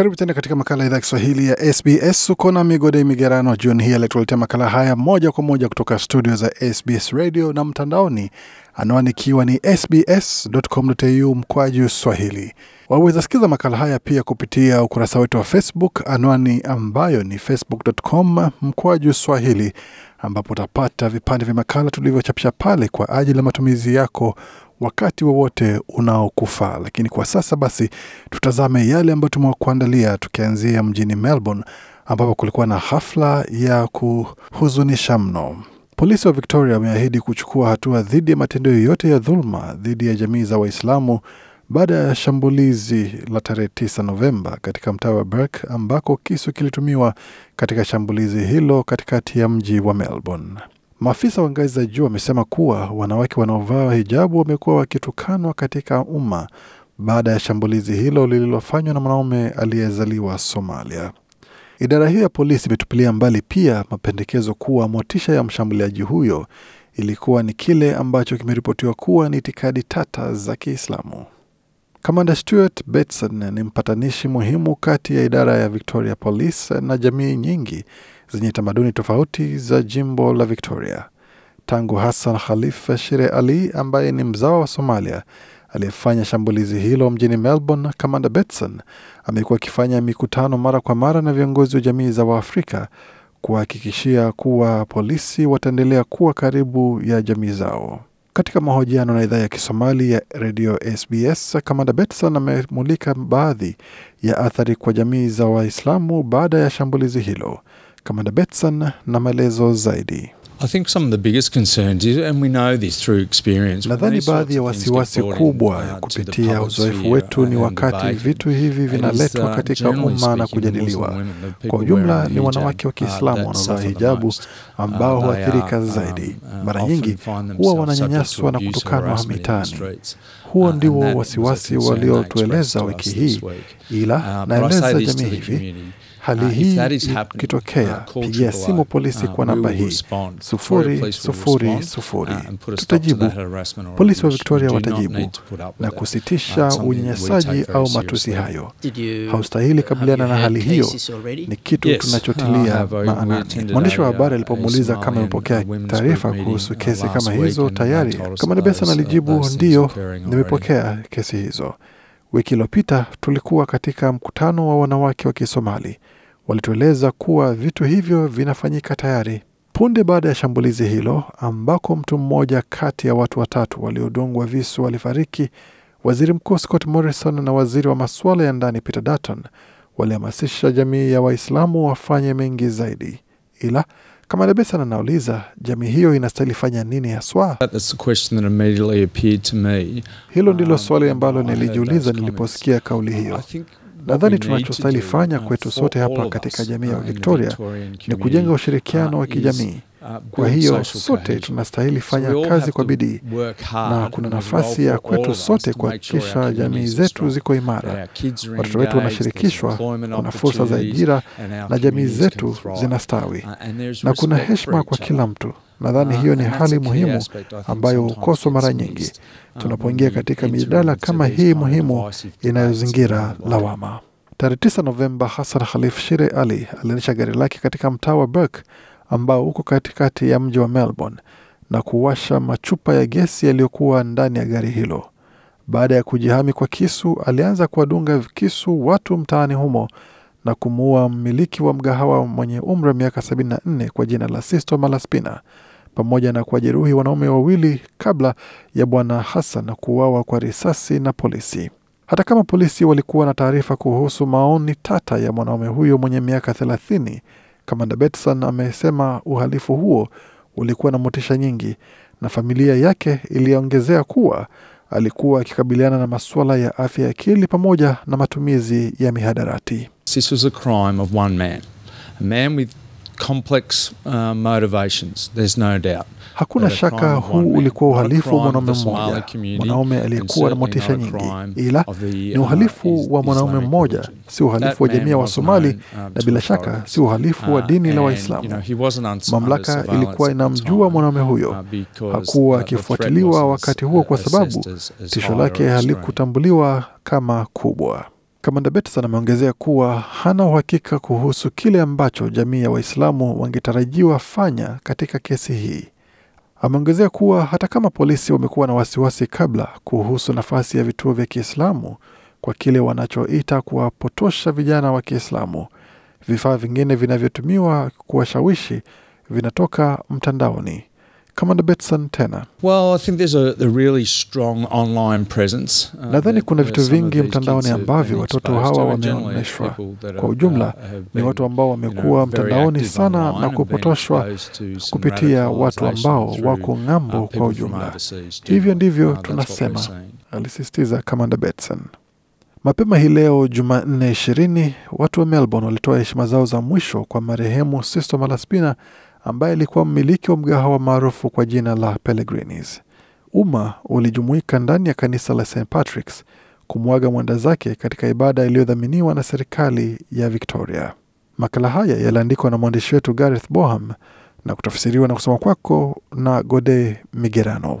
Karibu tena katika makala ya idhaa Kiswahili ya SBS. Uko na Migode Migerano jioni hii alituletea makala haya moja kwa moja kutoka studio za SBS radio na mtandaoni, anwani ikiwa ni sbs.com.au mkwaju swahili. Waweza sikiza makala haya pia kupitia ukurasa wetu wa Facebook, anwani ambayo ni facebook.com mkwaju swahili, ambapo utapata vipande vya makala tulivyochapisha pale kwa ajili ya matumizi yako wakati wowote unaokufaa. Lakini kwa sasa basi, tutazame yale ambayo tumekuandalia, tukianzia mjini Melbourne ambapo kulikuwa na hafla ya kuhuzunisha mno. Polisi wa Victoria wameahidi kuchukua hatua dhidi ya matendo yoyote ya dhuluma dhidi ya jamii za Waislamu baada ya shambulizi la tarehe 9 Novemba katika mtaa wa Burke ambako kisu kilitumiwa katika shambulizi hilo katikati ya mji wa Melbourne. Maafisa wa ngazi za juu wamesema kuwa wanawake wanaovaa hijabu wamekuwa wakitukanwa katika umma baada ya shambulizi hilo lililofanywa na mwanaume aliyezaliwa Somalia. Idara hiyo ya polisi imetupilia mbali pia mapendekezo kuwa motisha ya mshambuliaji huyo ilikuwa ni kile ambacho kimeripotiwa kuwa ni itikadi tata za Kiislamu. Kamanda Stuart Betson ni mpatanishi muhimu kati ya idara ya Victoria Police na jamii nyingi zenye tamaduni tofauti za jimbo la Victoria. Tangu Hassan Khalifa Shire Ali ambaye ni mzawa wa Somalia aliyefanya shambulizi hilo mjini Melbourne, Kamanda Betson amekuwa akifanya mikutano mara kwa mara na viongozi wa jamii za Waafrika kuhakikishia kuwa polisi wataendelea kuwa karibu ya jamii zao. Katika mahojiano na idhaa ya Kisomali ya redio SBS, Kamanda Betson amemulika baadhi ya athari kwa jamii za Waislamu baada ya shambulizi hilo. Kamanda Betson na maelezo zaidi. Nadhani baadhi ya wasiwasi kubwa ya uh, kupitia uzoefu uh, wetu ni wakati vitu hivi vinaletwa uh, katika umma na kujadiliwa. Kwa ujumla, ni wanawake wa Kiislamu wanaovaa hijabu ambao huathirika zaidi. Um, Mara nyingi huwa wananyanyaswa na kutukanwa mitaani. Huo ndio wasiwasi waliotueleza wiki hii, ila naeleza jamii hivi Hali uh, hii ikitokea, uh, pigia simu uh, polisi kwa namba hii sufuri sufuri sufuri. Tutajibu. Polisi wa Victoria watajibu na kusitisha unyanyasaji au matusi hayo. Haustahili kabiliana na hali hiyo, ni kitu tunachotilia ah, maanani. Mwandishi wa habari alipomuuliza kama amepokea taarifa kuhusu kesi kama hizo tayari, Kamanda Besson alijibu ndiyo, nimepokea kesi hizo. Wiki iliyopita tulikuwa katika mkutano wa wanawake wa Kisomali. Walitueleza kuwa vitu hivyo vinafanyika tayari. Punde baada ya shambulizi hilo, ambako mtu mmoja kati ya watu watatu waliodungwa visu walifariki, waziri mkuu Scott Morrison na waziri wa masuala ya ndani Peter Dutton walihamasisha jamii ya Waislamu wafanye mengi zaidi, ila Kamala Besan anauliza jamii hiyo inastahili fanya nini haswa? Hilo ndilo um, swali ambalo nilijiuliza niliposikia kauli hiyo. Nadhani tunachostahili fanya kwetu sote hapa katika jamii ya uh, Viktoria ni kujenga ushirikiano uh, wa kijamii Uh, kwa hiyo sote tunastahili fanya kazi kwa bidii, uh, na kuna nafasi ya kwetu sote kuhakikisha jamii zetu ziko imara, watoto wetu wanashirikishwa, kuna fursa za ajira na jamii zetu zinastawi, na kuna heshima kwa kila mtu. Nadhani uh, hiyo ni hali muhimu ambayo hukoswa mara nyingi tunapoingia katika mijadala kama hii muhimu inayozingira lawama. Tarehe 9 Novemba, Hassan Khalif Shire Ali aliendesha gari lake katika mtaa wa Burke ambao uko katikati ya mji wa Melbourne na kuwasha machupa ya gesi yaliyokuwa ndani ya gari hilo. Baada ya kujihami kwa kisu, alianza kuwadunga kisu watu mtaani humo na kumuua mmiliki wa mgahawa mwenye umri wa miaka 74 kwa jina la Sisto Malaspina pamoja na kuwajeruhi wanaume wawili kabla ya bwana Hassan kuuawa kwa risasi na polisi. Hata kama polisi walikuwa na taarifa kuhusu maoni tata ya mwanaume huyo mwenye miaka 30 Kamanda Betson amesema uhalifu huo ulikuwa na motisha nyingi na familia yake iliongezea kuwa alikuwa akikabiliana na masuala ya afya ya akili pamoja na matumizi ya mihadarati. This was a crime of one man. A man with complex, uh, motivations, there's no doubt. Hakuna shaka huu ulikuwa uhalifu wa mwanaume mmoja, mwanaume aliyekuwa na motisha nyingi, ila ni uh, uhalifu wa mwanaume mmoja, uh, si uhalifu wa jamii ya Wasomali na bila shaka si uhalifu wa dini la Waislamu. Mamlaka ilikuwa inamjua mwanaume uh, huyo, hakuwa akifuatiliwa wakati huo kwa sababu tisho lake halikutambuliwa kama kubwa. Kamanda Batson ameongezea kuwa hana uhakika kuhusu kile ambacho jamii ya Waislamu wangetarajiwa fanya katika kesi hii. Ameongezea kuwa hata kama polisi wamekuwa na wasiwasi kabla kuhusu nafasi ya vituo vya Kiislamu kwa kile wanachoita kuwapotosha vijana wa Kiislamu, vifaa vingine vinavyotumiwa kuwashawishi vinatoka mtandaoni. Commander Betson tena? Well, I think there's a, a really strong online presence. Uh, nadhani kuna vitu vingi mtandaoni ambavyo watoto hawa wameonyeshwa. Kwa ujumla, uh, ni watu ambao wamekuwa mtandaoni sana na kupotoshwa kupitia watu ambao wako ng'ambo. Kwa ujumla, hivyo ndivyo uh, tunasema, alisisitiza Commander Betson. Mapema hii leo Jumanne ishirini, watu wa Melbourne walitoa heshima zao za mwisho kwa marehemu Sisto Malaspina ambaye alikuwa mmiliki wa mgahawa maarufu kwa jina la Pellegrinis. Umma ulijumuika ndani ya kanisa la St Patrick's kumwaga mwenda zake katika ibada iliyodhaminiwa na serikali ya Victoria. Makala haya yaliandikwa na mwandishi wetu Gareth Boham na kutafsiriwa na kusoma kwako na Gode Migerano.